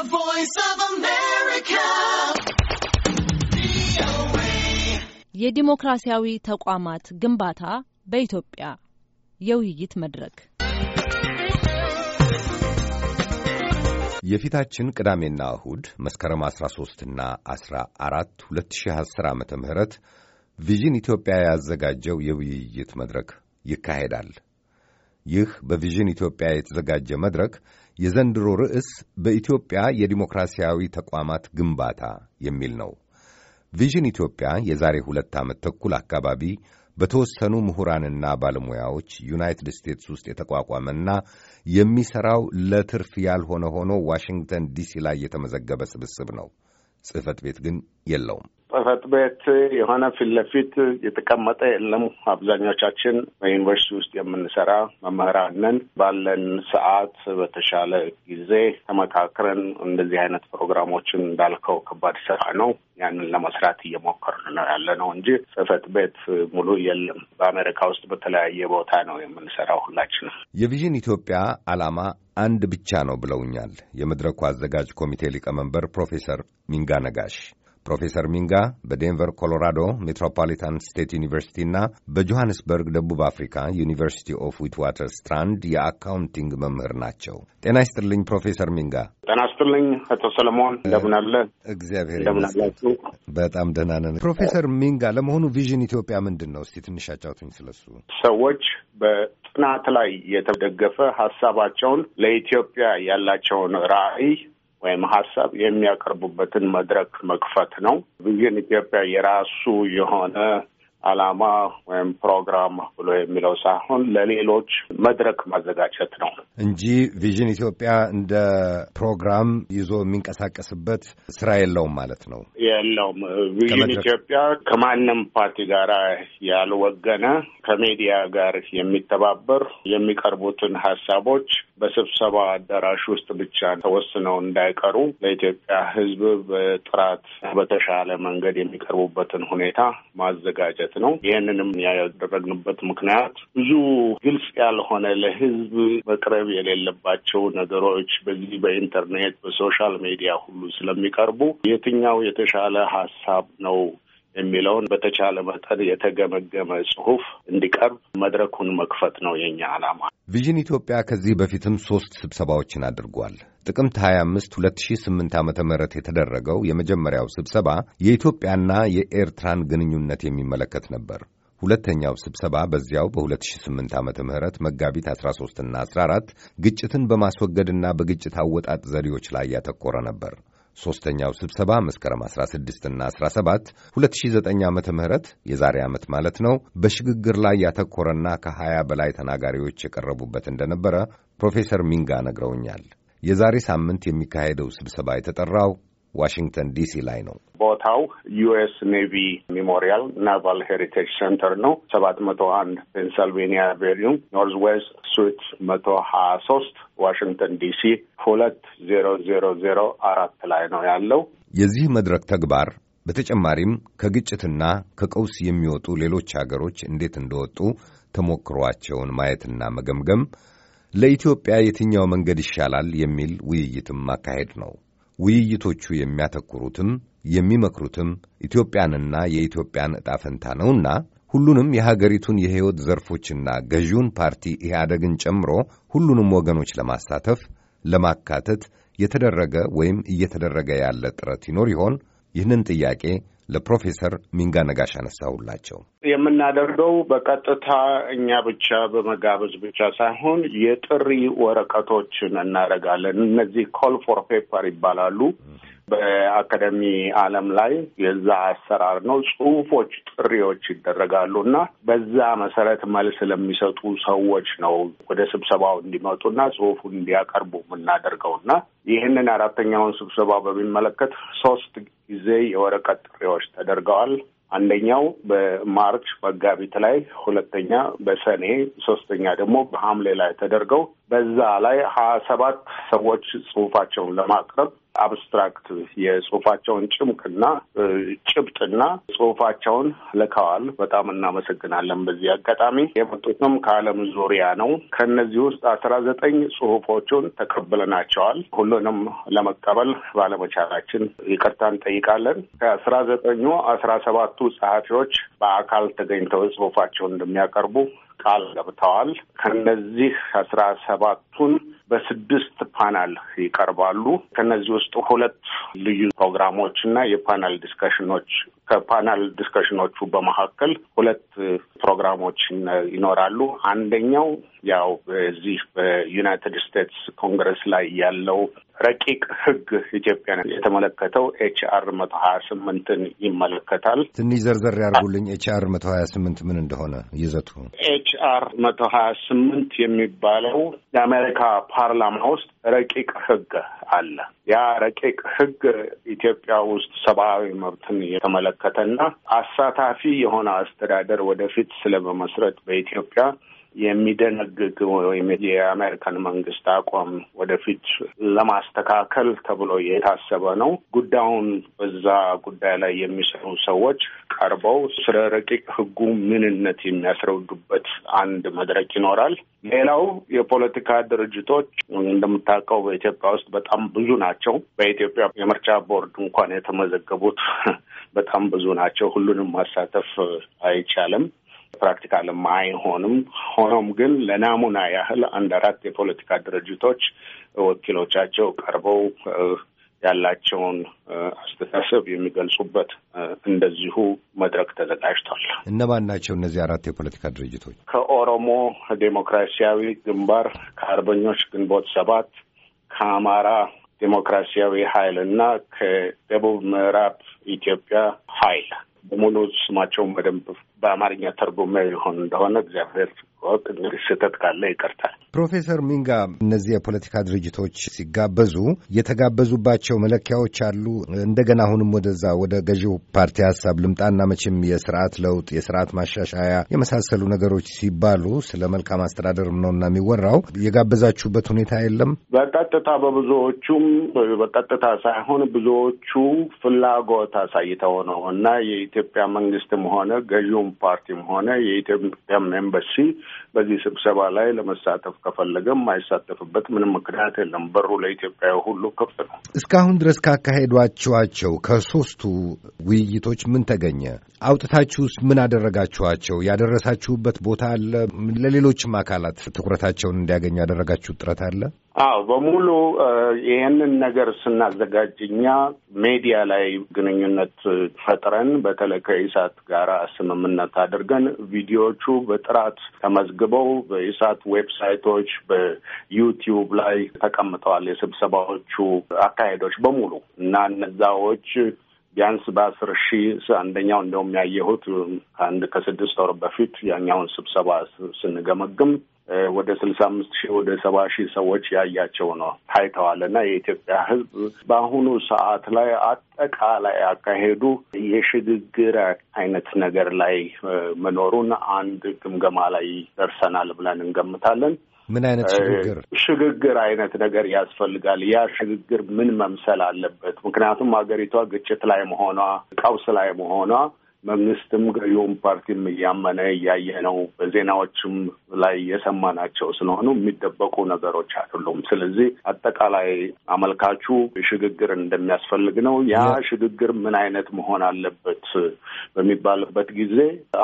The Voice of America. የዲሞክራሲያዊ ተቋማት ግንባታ በኢትዮጵያ የውይይት መድረክ የፊታችን ቅዳሜና እሁድ መስከረም 13ና 14 2010 ዓ ም ቪዥን ኢትዮጵያ ያዘጋጀው የውይይት መድረክ ይካሄዳል። ይህ በቪዥን ኢትዮጵያ የተዘጋጀ መድረክ የዘንድሮ ርዕስ በኢትዮጵያ የዲሞክራሲያዊ ተቋማት ግንባታ የሚል ነው። ቪዥን ኢትዮጵያ የዛሬ ሁለት ዓመት ተኩል አካባቢ በተወሰኑ ምሁራንና ባለሙያዎች ዩናይትድ ስቴትስ ውስጥ የተቋቋመና የሚሠራው ለትርፍ ያልሆነ ሆኖ ዋሽንግተን ዲሲ ላይ የተመዘገበ ስብስብ ነው። ጽሕፈት ቤት ግን የለውም። ጽህፈት ቤት የሆነ ፊት ለፊት የተቀመጠ የለም። አብዛኞቻችን በዩኒቨርሲቲ ውስጥ የምንሰራ መምህራንን ባለን ሰዓት በተሻለ ጊዜ ተመካክረን እንደዚህ አይነት ፕሮግራሞችን እንዳልከው ከባድ ስራ ነው። ያንን ለመስራት እየሞከርን ነው ያለ ነው እንጂ ጽህፈት ቤት ሙሉ የለም። በአሜሪካ ውስጥ በተለያየ ቦታ ነው የምንሰራው ሁላችንም። የቪዥን ኢትዮጵያ አላማ አንድ ብቻ ነው ብለውኛል የመድረኩ አዘጋጅ ኮሚቴ ሊቀመንበር ፕሮፌሰር ሚንጋ ነጋሽ። ፕሮፌሰር ሚንጋ በዴንቨር ኮሎራዶ ሜትሮፖሊታን ስቴት ዩኒቨርሲቲና በጆሃንስበርግ ደቡብ አፍሪካ ዩኒቨርሲቲ ኦፍ ዊትዋተር ስትራንድ የአካውንቲንግ መምህር ናቸው። ጤና ይስጥልኝ ፕሮፌሰር ሚንጋ። ጤና ይስጥልኝ አቶ ሰለሞን፣ እንደምናለ። እግዚአብሔር እንደምናላችሁ። በጣም ደህና ነን። ፕሮፌሰር ሚንጋ ለመሆኑ ቪዥን ኢትዮጵያ ምንድን ነው? እስቲ ትንሽ አጫውቱኝ ስለሱ። ሰዎች በጥናት ላይ የተደገፈ ሀሳባቸውን ለኢትዮጵያ ያላቸውን ራዕይ ወይም ሀሳብ የሚያቀርቡበትን መድረክ መክፈት ነው። ቪዥን ኢትዮጵያ የራሱ የሆነ አላማ ወይም ፕሮግራም ብሎ የሚለው ሳይሆን ለሌሎች መድረክ ማዘጋጀት ነው እንጂ ቪዥን ኢትዮጵያ እንደ ፕሮግራም ይዞ የሚንቀሳቀስበት ስራ የለውም ማለት ነው። የለውም። ቪዥን ኢትዮጵያ ከማንም ፓርቲ ጋር ያልወገነ ከሚዲያ ጋር የሚተባበር የሚቀርቡትን ሀሳቦች በስብሰባ አዳራሽ ውስጥ ብቻ ተወስነው እንዳይቀሩ ለኢትዮጵያ ሕዝብ በጥራት በተሻለ መንገድ የሚቀርቡበትን ሁኔታ ማዘጋጀት ማለት ነው። ይህንንም ያደረግንበት ምክንያት ብዙ ግልጽ ያልሆነ ለህዝብ መቅረብ የሌለባቸው ነገሮች በዚህ በኢንተርኔት በሶሻል ሚዲያ ሁሉ ስለሚቀርቡ የትኛው የተሻለ ሀሳብ ነው የሚለውን በተቻለ መጠን የተገመገመ ጽሁፍ እንዲቀርብ መድረኩን መክፈት ነው የኛ ዓላማ። ቪዥን ኢትዮጵያ ከዚህ በፊትም ሶስት ስብሰባዎችን አድርጓል። ጥቅምት 25 2008 ዓ ም የተደረገው የመጀመሪያው ስብሰባ የኢትዮጵያና የኤርትራን ግንኙነት የሚመለከት ነበር። ሁለተኛው ስብሰባ በዚያው በ2008 ዓ ም መጋቢት 13ና 14 ግጭትን በማስወገድና በግጭት አወጣጥ ዘዴዎች ላይ ያተኮረ ነበር። ሦስተኛው ስብሰባ መስከረም 16ና 17 2009 ዓ ም የዛሬ ዓመት ማለት ነው በሽግግር ላይ ያተኮረና ከ20 በላይ ተናጋሪዎች የቀረቡበት እንደነበረ ፕሮፌሰር ሚንጋ ነግረውኛል። የዛሬ ሳምንት የሚካሄደው ስብሰባ የተጠራው ዋሽንግተን ዲሲ ላይ ነው። ቦታው ዩኤስ ኔቪ ሜሞሪያል ናቫል ሄሪቴጅ ሴንተር ነው። ሰባት መቶ አንድ ፔንሳልቬኒያ አቬኒው ኖርዝ ዌስት ስዊት መቶ ሀያ ሶስት ዋሽንግተን ዲሲ ሁለት ዜሮ ዜሮ ዜሮ አራት ላይ ነው ያለው። የዚህ መድረክ ተግባር በተጨማሪም ከግጭትና ከቀውስ የሚወጡ ሌሎች አገሮች እንዴት እንደወጡ ተሞክሯቸውን ማየትና መገምገም፣ ለኢትዮጵያ የትኛው መንገድ ይሻላል የሚል ውይይትም ማካሄድ ነው። ውይይቶቹ የሚያተኩሩትም የሚመክሩትም ኢትዮጵያንና የኢትዮጵያን ዕጣ ፈንታ ነውና ሁሉንም የሀገሪቱን የሕይወት ዘርፎችና ገዢውን ፓርቲ ኢህአደግን ጨምሮ ሁሉንም ወገኖች ለማሳተፍ ለማካተት የተደረገ ወይም እየተደረገ ያለ ጥረት ይኖር ይሆን? ይህንን ጥያቄ ለፕሮፌሰር ሚንጋ ነጋሽ አነሳውላቸው። የምናደርገው በቀጥታ እኛ ብቻ በመጋበዝ ብቻ ሳይሆን የጥሪ ወረቀቶችን እናደርጋለን። እነዚህ ኮል ፎር ፔፐር ይባላሉ። በአካደሚ ዓለም ላይ የዛ አሰራር ነው። ጽሁፎች፣ ጥሪዎች ይደረጋሉ እና በዛ መሰረት መልስ ለሚሰጡ ሰዎች ነው ወደ ስብሰባው እንዲመጡና ጽሁፉን እንዲያቀርቡ የምናደርገው እና ይህንን አራተኛውን ስብሰባ በሚመለከት ሶስት ጊዜ የወረቀት ጥሪዎች ተደርገዋል። አንደኛው በማርች መጋቢት ላይ፣ ሁለተኛ በሰኔ፣ ሶስተኛ ደግሞ በሐምሌ ላይ ተደርገው በዛ ላይ ሀያ ሰባት ሰዎች ጽሁፋቸውን ለማቅረብ አብስትራክት የጽሁፋቸውን ጭምቅና ጭብጥና ጽሁፋቸውን ልከዋል። በጣም እናመሰግናለን። በዚህ አጋጣሚ የመጡትም ከዓለም ዙሪያ ነው። ከእነዚህ ውስጥ አስራ ዘጠኝ ጽሁፎቹን ተቀብለናቸዋል። ሁሉንም ለመቀበል ባለመቻላችን ይቅርታ እንጠይቃለን። ከአስራ ዘጠኙ አስራ ሰባቱ ጸሐፊዎች በአካል ተገኝተው ጽሁፋቸውን እንደሚያቀርቡ ቃል ገብተዋል። ከነዚህ አስራ ሰባቱን በስድስት ፓናል ይቀርባሉ። ከነዚህ ውስጥ ሁለት ልዩ ፕሮግራሞች እና የፓናል ዲስከሽኖች ከፓናል ዲስከሽኖቹ በመካከል ሁለት ፕሮግራሞች ይኖራሉ። አንደኛው ያው በዚህ በዩናይትድ ስቴትስ ኮንግረስ ላይ ያለው ረቂቅ ህግ ኢትዮጵያን የተመለከተው ኤች አር መቶ ሀያ ስምንትን ይመለከታል። ትንሽ ዘርዘር ያርጉልኝ። ኤች አር መቶ ሀያ ስምንት ምን እንደሆነ ይዘቱ። ኤች አር መቶ ሀያ ስምንት የሚባለው የአሜሪካ ፓርላማ ውስጥ ረቂቅ ህግ አለ። ያ ረቂቅ ህግ ኢትዮጵያ ውስጥ ሰብአዊ መብትን የተመለከተና አሳታፊ የሆነ አስተዳደር ወደፊት ስለመመስረት በኢትዮጵያ የሚደነግግ ወይም የአሜሪካን መንግስት አቋም ወደፊት ለማስተካከል ተብሎ የታሰበ ነው። ጉዳዩን በዛ ጉዳይ ላይ የሚሰሩ ሰዎች ቀርበው ስለ ረቂቅ ህጉ ምንነት የሚያስረዱበት አንድ መድረክ ይኖራል። ሌላው የፖለቲካ ድርጅቶች እንደምታውቀው በኢትዮጵያ ውስጥ በጣም ብዙ ናቸው። በኢትዮጵያ የምርጫ ቦርድ እንኳን የተመዘገቡት በጣም ብዙ ናቸው። ሁሉንም ማሳተፍ አይቻልም። ፕራክቲካልም አይሆንም። ሆኖም ግን ለናሙና ያህል አንድ አራት የፖለቲካ ድርጅቶች ወኪሎቻቸው ቀርበው ያላቸውን አስተሳሰብ የሚገልጹበት እንደዚሁ መድረክ ተዘጋጅቷል። እነማን ናቸው እነዚህ አራት የፖለቲካ ድርጅቶች? ከኦሮሞ ዴሞክራሲያዊ ግንባር፣ ከአርበኞች ግንቦት ሰባት፣ ከአማራ ዴሞክራሲያዊ ኃይል እና ከደቡብ ምዕራብ ኢትዮጵያ ኃይል በሙሉ ስማቸውን በደንብ በአማርኛ ተርጉሜ ይሆን እንደሆነ እግዚአብሔር ወቅ እንግዲህ ስህተት ካለ ይቀርታል። ፕሮፌሰር ሚንጋ እነዚህ የፖለቲካ ድርጅቶች ሲጋበዙ የተጋበዙባቸው መለኪያዎች አሉ። እንደገና አሁንም ወደዛ ወደ ገዢው ፓርቲ ሀሳብ ልምጣና መቼም የስርዓት ለውጥ የስርዓት ማሻሻያ የመሳሰሉ ነገሮች ሲባሉ ስለ መልካም አስተዳደርም ነውና የሚወራው የጋበዛችሁበት ሁኔታ የለም። በቀጥታ በብዙዎቹም በቀጥታ ሳይሆን ብዙዎቹ ፍላጎት አሳይተው ነው እና የኢትዮጵያ መንግስትም ሆነ ገዢው የገዢውም ፓርቲም ሆነ የኢትዮጵያም ኤምባሲ በዚህ ስብሰባ ላይ ለመሳተፍ ከፈለገም አይሳተፍበት ምንም ምክንያት የለም። በሩ ለኢትዮጵያ ሁሉ ክፍት ነው። እስካሁን ድረስ ካካሄዷችኋቸው ከሶስቱ ውይይቶች ምን ተገኘ? አውጥታችሁስ ምን አደረጋችኋቸው? ያደረሳችሁበት ቦታ አለ? ለሌሎችም አካላት ትኩረታቸውን እንዲያገኙ ያደረጋችሁት ጥረት አለ? አዎ በሙሉ ይህንን ነገር ስናዘጋጅ እኛ ሜዲያ ላይ ግንኙነት ፈጥረን በተለይ ከኢሳት ጋር ስምምነት አድርገን ቪዲዮዎቹ በጥራት ተመዝግበው በኢሳት ዌብሳይቶች፣ በዩቲዩብ ላይ ተቀምጠዋል። የስብሰባዎቹ አካሄዶች በሙሉ እና እነዛዎች ቢያንስ በአስር ሺህ አንደኛው እንደውም ያየሁት አንድ ከስድስት ወር በፊት ያኛውን ስብሰባ ስንገመግም ወደ ስልሳ አምስት ሺህ ወደ ሰባ ሺህ ሰዎች ያያቸው ነው ታይተዋል። እና የኢትዮጵያ ሕዝብ በአሁኑ ሰዓት ላይ አጠቃላይ አካሄዱ የሽግግር አይነት ነገር ላይ መኖሩን አንድ ግምገማ ላይ ደርሰናል ብለን እንገምታለን። ምን አይነት ሽግግር ሽግግር አይነት ነገር ያስፈልጋል። ያ ሽግግር ምን መምሰል አለበት? ምክንያቱም ሀገሪቷ ግጭት ላይ መሆኗ፣ ቀውስ ላይ መሆኗ መንግስትም ገዢውም ፓርቲም እያመነ እያየ ነው። በዜናዎችም ላይ የሰማናቸው ስለሆኑ የሚደበቁ ነገሮች አይደሉም። ስለዚህ አጠቃላይ አመልካቹ ሽግግር እንደሚያስፈልግ ነው። ያ ሽግግር ምን አይነት መሆን አለበት በሚባልበት ጊዜ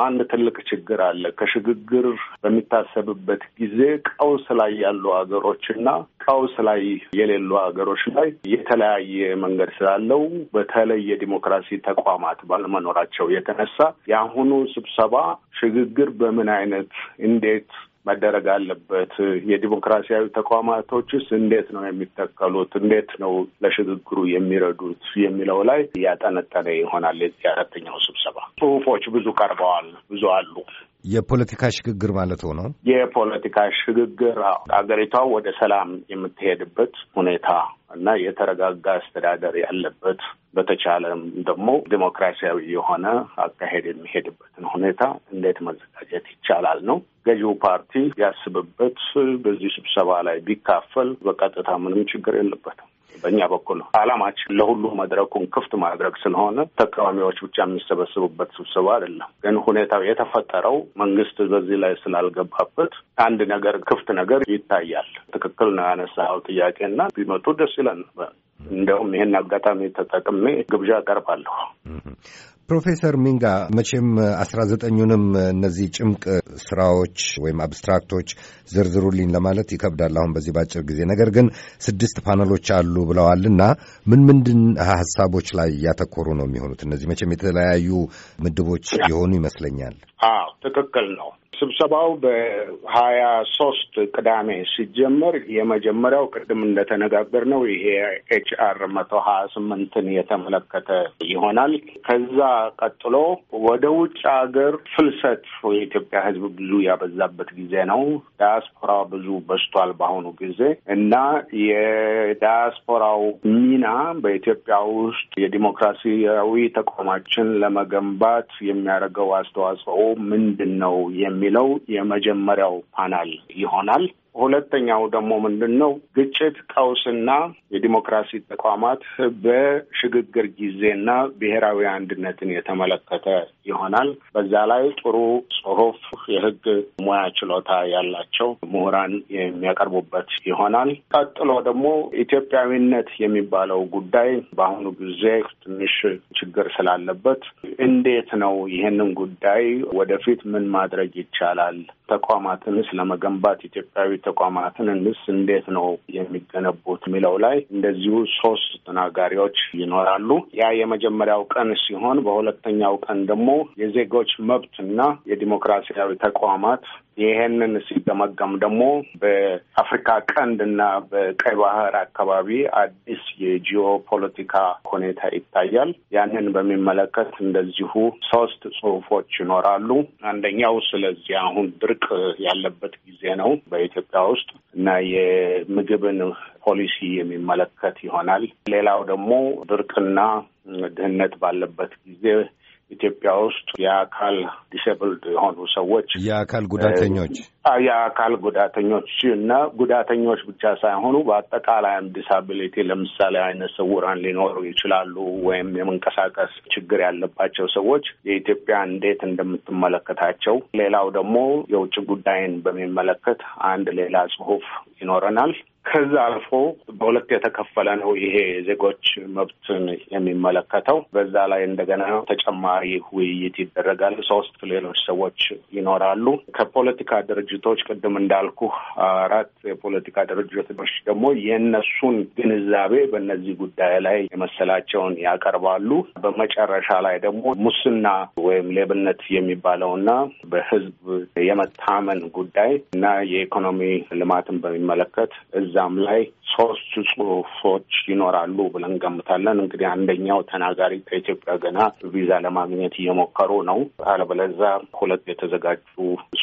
አንድ ትልቅ ችግር አለ። ከሽግግር በሚታሰብበት ጊዜ ቀውስ ላይ ያሉ ሀገሮችና ቀውስ ላይ የሌሉ ሀገሮች ላይ የተለያየ መንገድ ስላለው በተለይ የዲሞክራሲ ተቋማት ባለመኖራቸው የተነሳ የአሁኑ ስብሰባ ሽግግር በምን አይነት እንዴት መደረግ አለበት፣ የዲሞክራሲያዊ ተቋማቶችስ እንዴት ነው የሚተከሉት፣ እንዴት ነው ለሽግግሩ የሚረዱት የሚለው ላይ ያጠነጠነ ይሆናል። የአራተኛው ስብሰባ ጽሁፎች ብዙ ቀርበዋል፣ ብዙ አሉ። የፖለቲካ ሽግግር ማለት ሆኖ የፖለቲካ ሽግግር አገሪቷ ወደ ሰላም የምትሄድበት ሁኔታ እና የተረጋጋ አስተዳደር ያለበት በተቻለም ደግሞ ዲሞክራሲያዊ የሆነ አካሄድ የሚሄድበትን ሁኔታ እንዴት መዘጋጀት ይቻላል ነው። ገዢው ፓርቲ ያስብበት። በዚህ ስብሰባ ላይ ቢካፈል በቀጥታ ምንም ችግር የለበትም። በእኛ በኩል አላማችን ለሁሉ መድረኩን ክፍት ማድረግ ስለሆነ ተቃዋሚዎች ብቻ የሚሰበስቡበት ስብሰባ አይደለም። ግን ሁኔታው የተፈጠረው መንግስት በዚህ ላይ ስላልገባበት አንድ ነገር ክፍት ነገር ይታያል። ትክክል ነው ጥያቄ ጥያቄና ቢመጡ ደስ ይለን። እንደውም ይህን አጋጣሚ ተጠቅሜ ግብዣ አቀርባለሁ። ፕሮፌሰር ሚንጋ መቼም አስራ ዘጠኙንም እነዚህ ጭምቅ ስራዎች ወይም አብስትራክቶች ዝርዝሩልኝ ለማለት ይከብዳል አሁን በዚህ በአጭር ጊዜ። ነገር ግን ስድስት ፓነሎች አሉ ብለዋልና ምን ምንድን ሀሳቦች ላይ ያተኮሩ ነው የሚሆኑት? እነዚህ መቼም የተለያዩ ምድቦች የሆኑ ይመስለኛል። አዎ ትክክል ነው። ስብሰባው በሀያ ሶስት ቅዳሜ ሲጀመር የመጀመሪያው ቅድም እንደተነጋገር ነው ይሄ ኤች አር መቶ ሀያ ስምንትን የተመለከተ ይሆናል። ከዛ ቀጥሎ ወደ ውጭ ሀገር ፍልሰት የኢትዮጵያ ሕዝብ ብዙ ያበዛበት ጊዜ ነው። ዳያስፖራ ብዙ በዝቷል በአሁኑ ጊዜ እና የዳያስፖራው ሚና በኢትዮጵያ ውስጥ የዲሞክራሲያዊ ተቋማችን ለመገንባት የሚያደርገው አስተዋጽኦ ምንድን ነው የሚ የሚለው የመጀመሪያው ፓናል ይሆናል። ሁለተኛው ደግሞ ምንድን ነው? ግጭት፣ ቀውስና የዲሞክራሲ ተቋማት በሽግግር ጊዜና ብሔራዊ አንድነትን የተመለከተ ይሆናል። በዛ ላይ ጥሩ ጽሁፍ የህግ ሙያ ችሎታ ያላቸው ምሁራን የሚያቀርቡበት ይሆናል። ቀጥሎ ደግሞ ኢትዮጵያዊነት የሚባለው ጉዳይ በአሁኑ ጊዜ ትንሽ ችግር ስላለበት እንዴት ነው ይህንን ጉዳይ ወደፊት ምን ማድረግ ይቻላል? ተቋማትንስ ለመገንባት ኢትዮጵያዊ ተቋማትን እንስ እንዴት ነው የሚገነቡት የሚለው ላይ እንደዚሁ ሶስት ተናጋሪዎች ይኖራሉ። ያ የመጀመሪያው ቀን ሲሆን በሁለተኛው ቀን ደግሞ የዜጎች መብትና የዲሞክራሲያዊ ተቋማት ይህንን ሲገመገም ደግሞ በአፍሪካ ቀንድ እና በቀይ ባህር አካባቢ አዲስ የጂኦ ፖለቲካ ሁኔታ ይታያል። ያንን በሚመለከት እንደዚሁ ሶስት ጽሁፎች ይኖራሉ። አንደኛው ስለዚህ አሁን ድርቅ ያለበት ጊዜ ነው በኢትዮጵያ ውስጥ እና የምግብን ፖሊሲ የሚመለከት ይሆናል። ሌላው ደግሞ ድርቅና ድህነት ባለበት ጊዜ ኢትዮጵያ ውስጥ የአካል ዲስብልድ የሆኑ ሰዎች የአካል ጉዳተኞች የአካል ጉዳተኞች እና ጉዳተኞች ብቻ ሳይሆኑ በአጠቃላይም ዲሳቢሊቲ ለምሳሌ አይነ ስውራን ሊኖሩ ይችላሉ፣ ወይም የመንቀሳቀስ ችግር ያለባቸው ሰዎች የኢትዮጵያ እንዴት እንደምትመለከታቸው። ሌላው ደግሞ የውጭ ጉዳይን በሚመለከት አንድ ሌላ ጽሁፍ ይኖረናል። ከዛ አልፎ በሁለት የተከፈለ ነው ይሄ ዜጎች መብትን የሚመለከተው። በዛ ላይ እንደገና ተጨማሪ ውይይት ይደረጋል። ሶስት ሌሎች ሰዎች ይኖራሉ። ከፖለቲካ ድርጅቶች ቅድም እንዳልኩ አራት የፖለቲካ ድርጅቶች ደግሞ የእነሱን ግንዛቤ በእነዚህ ጉዳይ ላይ የመሰላቸውን ያቀርባሉ። በመጨረሻ ላይ ደግሞ ሙስና ወይም ሌብነት የሚባለውና በህዝብ የመታመን ጉዳይ እና የኢኮኖሚ ልማትን በሚመለከት እዛም ላይ ሶስት ጽሁፎች ይኖራሉ ብለን እንገምታለን። እንግዲህ አንደኛው ተናጋሪ ከኢትዮጵያ ገና ቪዛ ለማግኘት እየሞከሩ ነው። አለበለዛ ሁለት የተዘጋጁ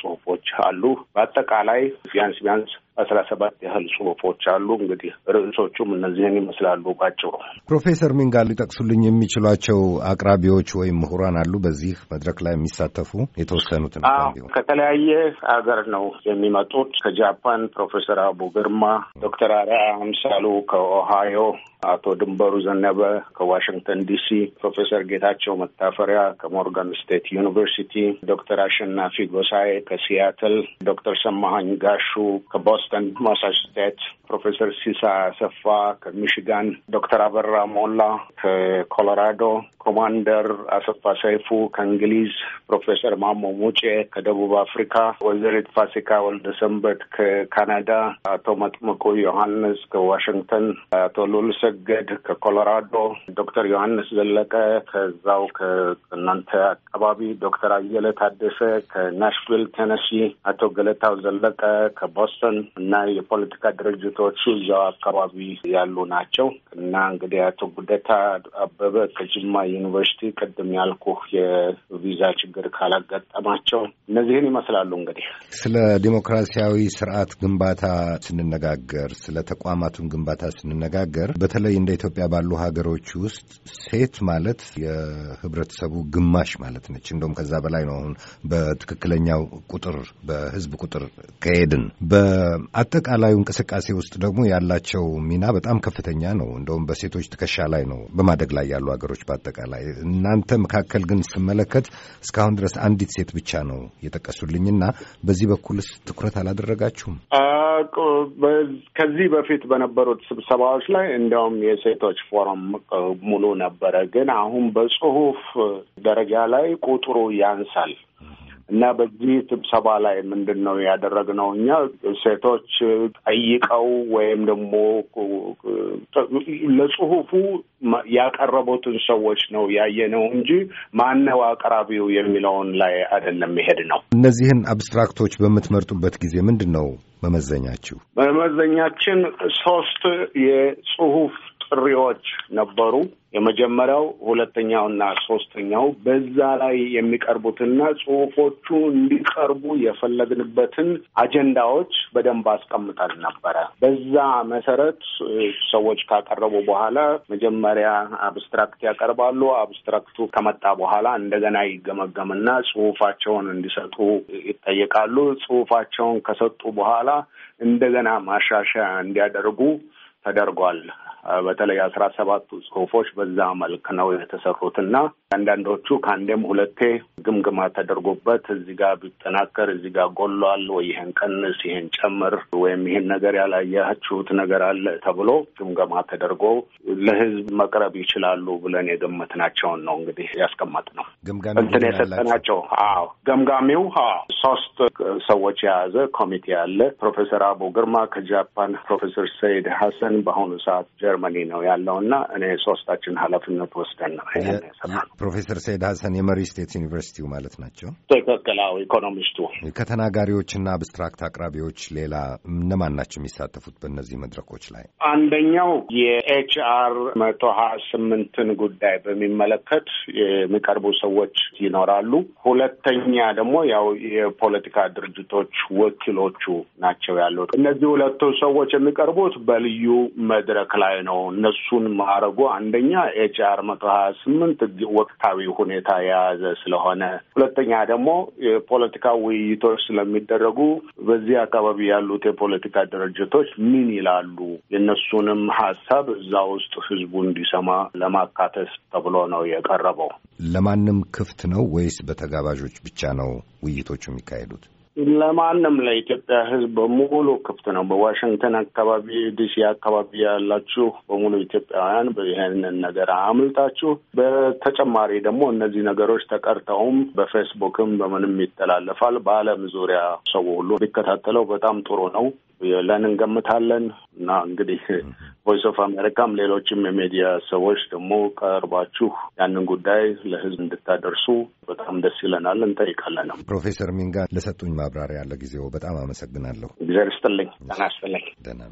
ጽሁፎች አሉ። በአጠቃላይ ቢያንስ ቢያንስ አስራ ሰባት ያህል ጽሁፎች አሉ። እንግዲህ ርዕሶቹም እነዚህን ይመስላሉ ባጭሩ። ፕሮፌሰር ሚንጋ ሊጠቅሱልኝ የሚችሏቸው አቅራቢዎች ወይም ምሁራን አሉ በዚህ መድረክ ላይ የሚሳተፉ የተወሰኑት? ከተለያየ አገር ነው የሚመጡት። ከጃፓን ፕሮፌሰር አቡ ግርማ፣ ዶክተር አርአያ አምሳሉ ከኦሃዮ አቶ ድንበሩ ዘነበ ከዋሽንግተን ዲሲ፣ ፕሮፌሰር ጌታቸው መታፈሪያ ከሞርጋን ስቴት ዩኒቨርሲቲ፣ ዶክተር አሸናፊ ጎሳኤ ከሲያትል፣ ዶክተር ሰማሀኝ ጋሹ ከቦስተን ማሳቹሴትስ፣ ፕሮፌሰር ሲሳ አሰፋ ከሚሽጋን፣ ዶክተር አበራ ሞላ ከኮሎራዶ፣ ኮማንደር አሰፋ ሰይፉ ከእንግሊዝ፣ ፕሮፌሰር ማሞ ሙጬ ከደቡብ አፍሪካ፣ ወይዘሪት ፋሲካ ወልደሰንበት ከካናዳ፣ አቶ መጥምቁ ዮሐንስ ከዋሽንግተን፣ አቶ ሉልሰ ሰገድ ከኮሎራዶ ዶክተር ዮሐንስ ዘለቀ ከዛው ከእናንተ አካባቢ ዶክተር አየለ ታደሰ ከናሽቪል ቴነሲ፣ አቶ ገለታው ዘለቀ ከቦስተን እና የፖለቲካ ድርጅቶቹ እዛው አካባቢ ያሉ ናቸው እና እንግዲህ አቶ ጉደታ አበበ ከጅማ ዩኒቨርሲቲ ቅድም ያልኩ የቪዛ ችግር ካላጋጠማቸው እነዚህን ይመስላሉ። እንግዲህ ስለ ዲሞክራሲያዊ ስርዓት ግንባታ ስንነጋገር፣ ስለ ተቋማቱን ግንባታ ስንነጋገር በተለይ እንደ ኢትዮጵያ ባሉ ሀገሮች ውስጥ ሴት ማለት የህብረተሰቡ ግማሽ ማለት ነች። እንደውም ከዛ በላይ ነው። አሁን በትክክለኛው ቁጥር በህዝብ ቁጥር ከሄድን በአጠቃላዩ እንቅስቃሴ ውስጥ ደግሞ ያላቸው ሚና በጣም ከፍተኛ ነው። እንደውም በሴቶች ትከሻ ላይ ነው በማደግ ላይ ያሉ ሀገሮች በአጠቃላይ። እናንተ መካከል ግን ስመለከት እስካሁን ድረስ አንዲት ሴት ብቻ ነው የጠቀሱልኝና በዚህ በኩልስ ትኩረት አላደረጋችሁም? ከዚህ በፊት በነበሩት ስብሰባዎች ላይ እንዲያውም ያውም የሴቶች ፎረም ሙሉ ነበረ። ግን አሁን በጽሁፍ ደረጃ ላይ ቁጥሩ ያንሳል። እና በዚህ ስብሰባ ላይ ምንድን ነው ያደረግነው? እኛ ሴቶች ጠይቀው ወይም ደግሞ ለጽሁፉ ያቀረቡትን ሰዎች ነው ያየነው እንጂ ማነው አቅራቢው የሚለውን ላይ አይደለም የሄድ ነው። እነዚህን አብስትራክቶች በምትመርጡበት ጊዜ ምንድን ነው መመዘኛችሁ? መመዘኛችን ሶስት የጽሁፍ ጥሪዎች ነበሩ። የመጀመሪያው፣ ሁለተኛው እና ሶስተኛው በዛ ላይ የሚቀርቡትና ጽሁፎቹ እንዲቀርቡ የፈለግንበትን አጀንዳዎች በደንብ አስቀምጠን ነበረ። በዛ መሰረት ሰዎች ካቀረቡ በኋላ መጀመሪያ አብስትራክት ያቀርባሉ። አብስትራክቱ ከመጣ በኋላ እንደገና ይገመገምና ጽሁፋቸውን እንዲሰጡ ይጠየቃሉ። ጽሁፋቸውን ከሰጡ በኋላ እንደገና ማሻሻያ እንዲያደርጉ ተደርጓል። በተለይ አስራ ሰባቱ ጽሁፎች በዛ መልክ ነው የተሰሩት እና አንዳንዶቹ ከአንዴም ሁለቴ ግምግማ ተደርጎበት እዚህ ጋር ቢጠናከር እዚህ ጋር ጎሏል ወይ ይህን ቀንስ፣ ይህን ጨምር ወይም ይህን ነገር ያላያችሁት ነገር አለ ተብሎ ግምገማ ተደርጎ ለህዝብ መቅረብ ይችላሉ ብለን የገመትናቸውን ነው እንግዲህ ያስቀመጥ ነው እንትን የሰጠናቸው። አዎ ገምጋሚው ሶስት ሰዎች የያዘ ኮሚቴ አለ። ፕሮፌሰር አቡ ግርማ ከጃፓን፣ ፕሮፌሰር ሰይድ ሀሰን በአሁኑ ሰዓት ጀርመኒ ነው ያለው እና እኔ ሶስታችን ኃላፊነት ወስደን ነው ፕሮፌሰር ሰይድ ሀሰን የመሪ ስቴትስ ዩኒቨርሲቲው ማለት ናቸው። ትክክል። ኢኮኖሚስቱ ከተናጋሪዎችና አብስትራክት አቅራቢዎች ሌላ እነማን ናቸው የሚሳተፉት በእነዚህ መድረኮች ላይ? አንደኛው የኤች አር መቶ ሀያ ስምንትን ጉዳይ በሚመለከት የሚቀርቡ ሰዎች ይኖራሉ። ሁለተኛ ደግሞ ያው የፖለቲካ ድርጅቶች ወኪሎቹ ናቸው ያሉት። እነዚህ ሁለቱ ሰዎች የሚቀርቡት በልዩ መድረክ ላይ ነው። እነሱን ማድረጉ አንደኛ ኤችአር መቶ ሀያ ስምንት ወቅታዊ ሁኔታ የያዘ ስለሆነ፣ ሁለተኛ ደግሞ የፖለቲካ ውይይቶች ስለሚደረጉ በዚህ አካባቢ ያሉት የፖለቲካ ድርጅቶች ምን ይላሉ የእነሱንም ሀሳብ እዛ ውስጥ ህዝቡ እንዲሰማ ለማካተት ተብሎ ነው የቀረበው። ለማንም ክፍት ነው ወይስ በተጋባዦች ብቻ ነው ውይይቶቹ የሚካሄዱት? ለማንም ለኢትዮጵያ ሕዝብ በሙሉ ክፍት ነው። በዋሽንግተን አካባቢ ዲሲ አካባቢ ያላችሁ በሙሉ ኢትዮጵያውያን ይህንን ነገር አምልጣችሁ፣ በተጨማሪ ደግሞ እነዚህ ነገሮች ተቀርተውም በፌስቡክም በምንም ይተላለፋል። በዓለም ዙሪያ ሰው ሁሉ ቢከታተለው በጣም ጥሩ ነው። ብለን እንገምታለን እና እንግዲህ ቮይስ ኦፍ አሜሪካም ሌሎችም የሚዲያ ሰዎች ደግሞ ቀርባችሁ ያንን ጉዳይ ለህዝብ እንድታደርሱ በጣም ደስ ይለናል፣ እንጠይቃለንም። ፕሮፌሰር ሚንጋ ለሰጡኝ ማብራሪያ ለጊዜው በጣም አመሰግናለሁ። እግዚአብሔር ይስጥልኝ። ጤና ይስጥልኝ። ደህና